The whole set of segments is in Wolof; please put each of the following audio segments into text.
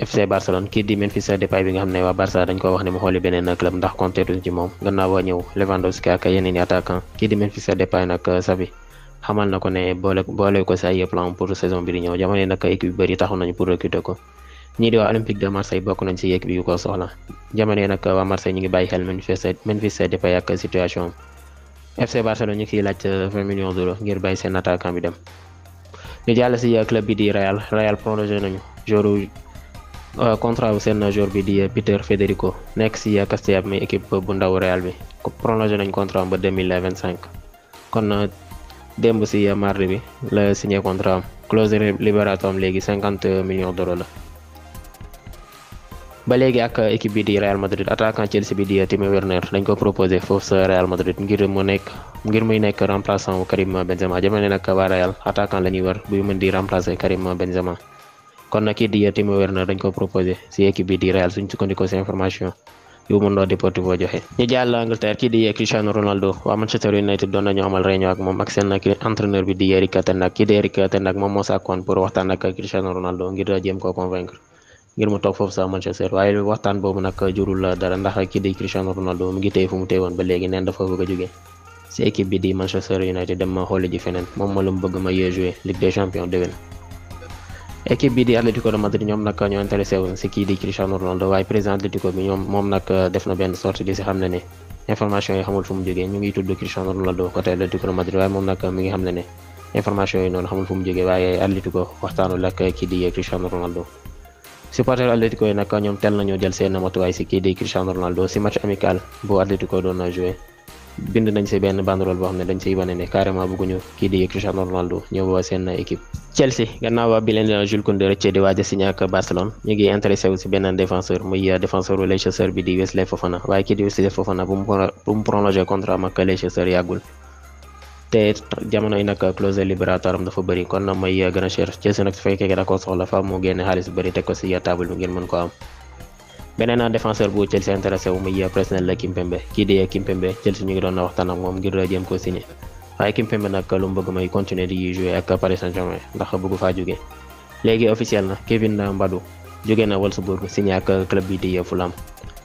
FC Barcelone kii di Memphis Depay bi nga xam ne waa Barça dañ ko wax ne mu xooli beneen club ndax comptetuñ ci moom gannaaw waa ñëw Lewandowski ak yeneen i attaquant kii di Memphis Depay nag euh, Xavi xamal na ko ne boole boole ko si plan pour saison bi ñëw jamono nag équipe yu bëri nañu pour recruter ko ñii di waa Olympique de Marseille bokk nañ si équipe yu ko soxla jamono nag waa Marseille ñu ngi bàyyi xel Memphis Memphis Depay ak situation FC Euh, contrat bu seen joueur bi di euh, Peter Federico nekk si euh, Castilla bi muy équipe bu ndaw Real bi prolongé nañ contrat ba 2025 kon démb si mardi bi la signé contrat am clause libératoire am léegi 50 millions d'euros la ba léegi ak équipe bi di Real Madrid attaquant Chelsea bi di Timo Werner dañ ko proposé foofu sa Real Madrid ngir mu nekk ngir muy nekk remplaçant Karim Benzema jamono nag waa Real attaquant la war buy mën di remplacer Karim Benzema kon nag kii di Timo Werner dañ ko proposé si équipe bi di Real suñ sukkandikoo si information yu Mundo Deportivo joxe. ñu jàll Angleterre kii di Cristiano Ronaldo waa Manchester United doon nañu amal réunion ak moom ak seen entraîneur bi di Erik di Erik ten Hag moom moo sàkkoon pour waxtaan ak Cristiano Ronaldo ngir jéem koo convaincre. ngir mu toog foofu sa Manchester waaye waxtaan boobu nag jurul dara ndax kii di Cristiano Ronaldo woon ba léegi neen dafa bëgg a jóge ci équipe bi di Atlético de Madrid ñoom nag ñoo intéressé woon si kii di Cristiano Ronaldo waaye président Atlético bi ñoom moom nag euh, def na benn sorte di si xam ne ne information yi xamul fu mu jógee waaye Atlético waxtaanul ak kii di Cristiano Ronaldo supporter Atlético yi nag ñoom tel nañu jël seen matuwaay si kii di Cristiano Ronaldo si match amical bu Atlético doon na bind nañ si benn banderole boo xam ne dañ siy wane ne carrément bëgguñu kii di Cristiano Ronaldo ñëw ba seen équipe. Chelsea gannaaw bi leen Jules Koundé rëccee di waaj a signé ak Barcelone ñu ngi intéressé wu si beneen défenseur muy euh, défenseur u Leicester bi di Wesley Fofana waaye kii di Wesley Fofana bu bu mu prolongé contrat am ak Leicester yàggul. te jamono yi nag clause libératoire dafa bëri kon na mooy euh, gën a cher Chelsea nag da koo beneen défenseur bu Chelsea intéressé wu muy Presnel la Kimpembe kii di Kimpembe Chelsea ñu ngi doon waxtaan ak moom ngir jéem ko signé waaye Kimpembe nag lu mu bëgg may continuer di jouer ak Paris Saint-Germain ndax bëgg faa jóge léegi officiel na Kevin Mbadou jóge na Wolfsburg signé ak club bi di Fulham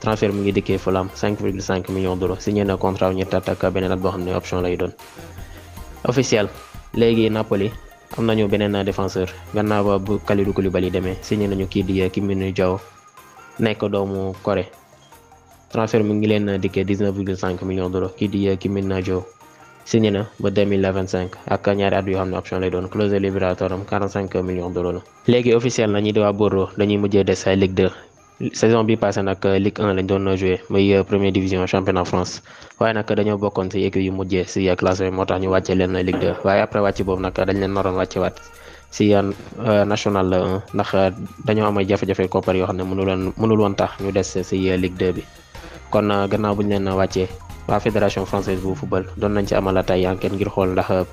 transfert mu ngi dikkee Fulham 5,5 millions d'euros signé na contrat ñetti at ak beneen at boo xam ne option lay doon officiel léegi beneen défenseur gannaaw ba bu Kalidou Koulibaly demee signé nañu kii di nekk doomu Corée transfert mu ngi leen dikkee 19,5 millions d'euros kii di Kim Min-jae signé na ba 2025 ak ñaari at yoo xam ne option lay doon clause libératoire am millions d'euros la. léegi officiel na ñi di Bordeaux dañuy mujjee des ay Ligue 2. saison bi passé nag Ligue 1 lañ doon joué muy première division championnat France waaye nag dañoo bokkoon ci équipe yu mujjee ci classement moo tax ñu wàccee leen Ligue 2 waaye après wàcc boobu nag dañ leen si yan euh, national la ndax euh, dañoo am ay jafe-jafe koppar yoo xam ne mënul woon mënul woon tax ñu des si euh, Ligue 2 bi kon gannaaw bu ñu leen wàccee waa fédération française bu football doon nañ ci amalaat ay enquête ngir xool ndax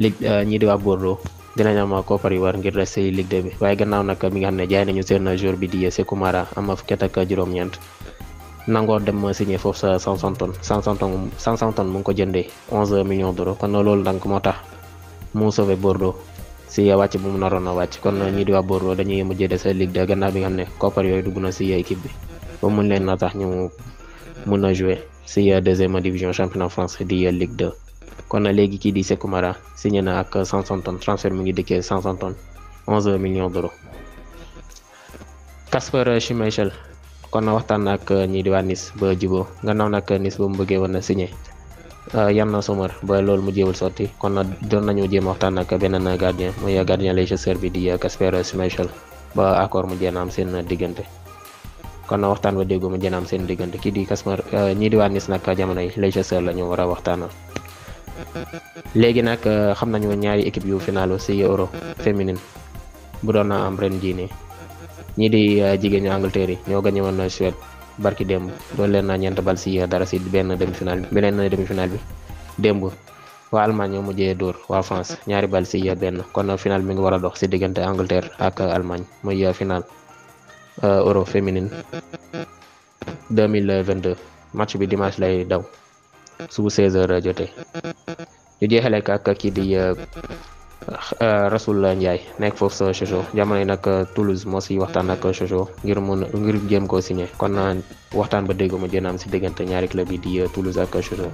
Ligue ñii di waa Bordeaux dinañ am koppar yu war ngir des si Ligue 2 bi waaye gannaaw nag mi nga xam ne jaay nañu seen jour bi di Sékou Mara am fukki at ak juróom-ñeent nangoo dem signé foofu sa 160 tonnes 160 tonnes 160 tonnes mu ngi ko jëndee 11 millions d'euros kon loolu donc moo tax mu sauvé Bordeaux. si wàcc bu mu naroon a wàcc kon ñii di waa Bordeaux dañuy mujjee des sa Ligue 2 gannaaw bi nga xam ne koppar yooyu dugg na si équipe bi ba mun leen na tax ñu mun a jouer si euh, deuxième division championnat France di euh, Ligue 2. kon léegi kii di Sékou Mara signé na ak 500 tonnes transfert mu ngi dikkee 500 tonnes 11 millions d'euros. Kasper Schmeichel kon waxtaan na ak euh, ñii di waa Nice ba jubóo gannaaw nag Nice ba mu bëggee woon a signé. Euh, yam na Sommer ba loolu mu jéewal sotti kon na doon nañu jéem waxtaan ak beneen gardien muy gardien Leicester bi di Kasper Schmeichel ba accord mu jéem am seen diggante. kon waxtaan ba déggoo mu jéem am seen diggante kii di Kasper euh, ñii di waa Nice nag jamono yi Leicester la ñu war a waxtaanal. léegi nag euh, xam nañu ñaari équipe yu finaalu ci Euro féminine bu doon am ren jii ñii di jigéen ñu Angleterre yi ñoo gañe woon Suède. barki demb loolu leen a ñeent bal dara si benn demi final bi beneen demi final bi démb waa Allemagne ñoo mujjee dóor waa France ñaari bal si benn kon final mi ngi war a dox si diggante Angleterre ak Allemagne muy final euh, euro féminine 2022 match bi dimanche lay daw su 16h jotee ñu jeexale ak kii di. Euh, Euh, Rasoul Ndiaye nekk foofu sa Chocho jamono yi nag euh, Toulouse moo siy waxtaan ak Chocho ngir mun ngir jéem koo signé kon euh, waxtaan ba déggoo ma jéem am si diggante ñaari club yi di Toulouse ak Chocho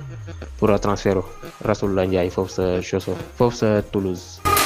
pour transfert Rasoul Ndiaye foofu sa Chocho foofu sa Toulouse.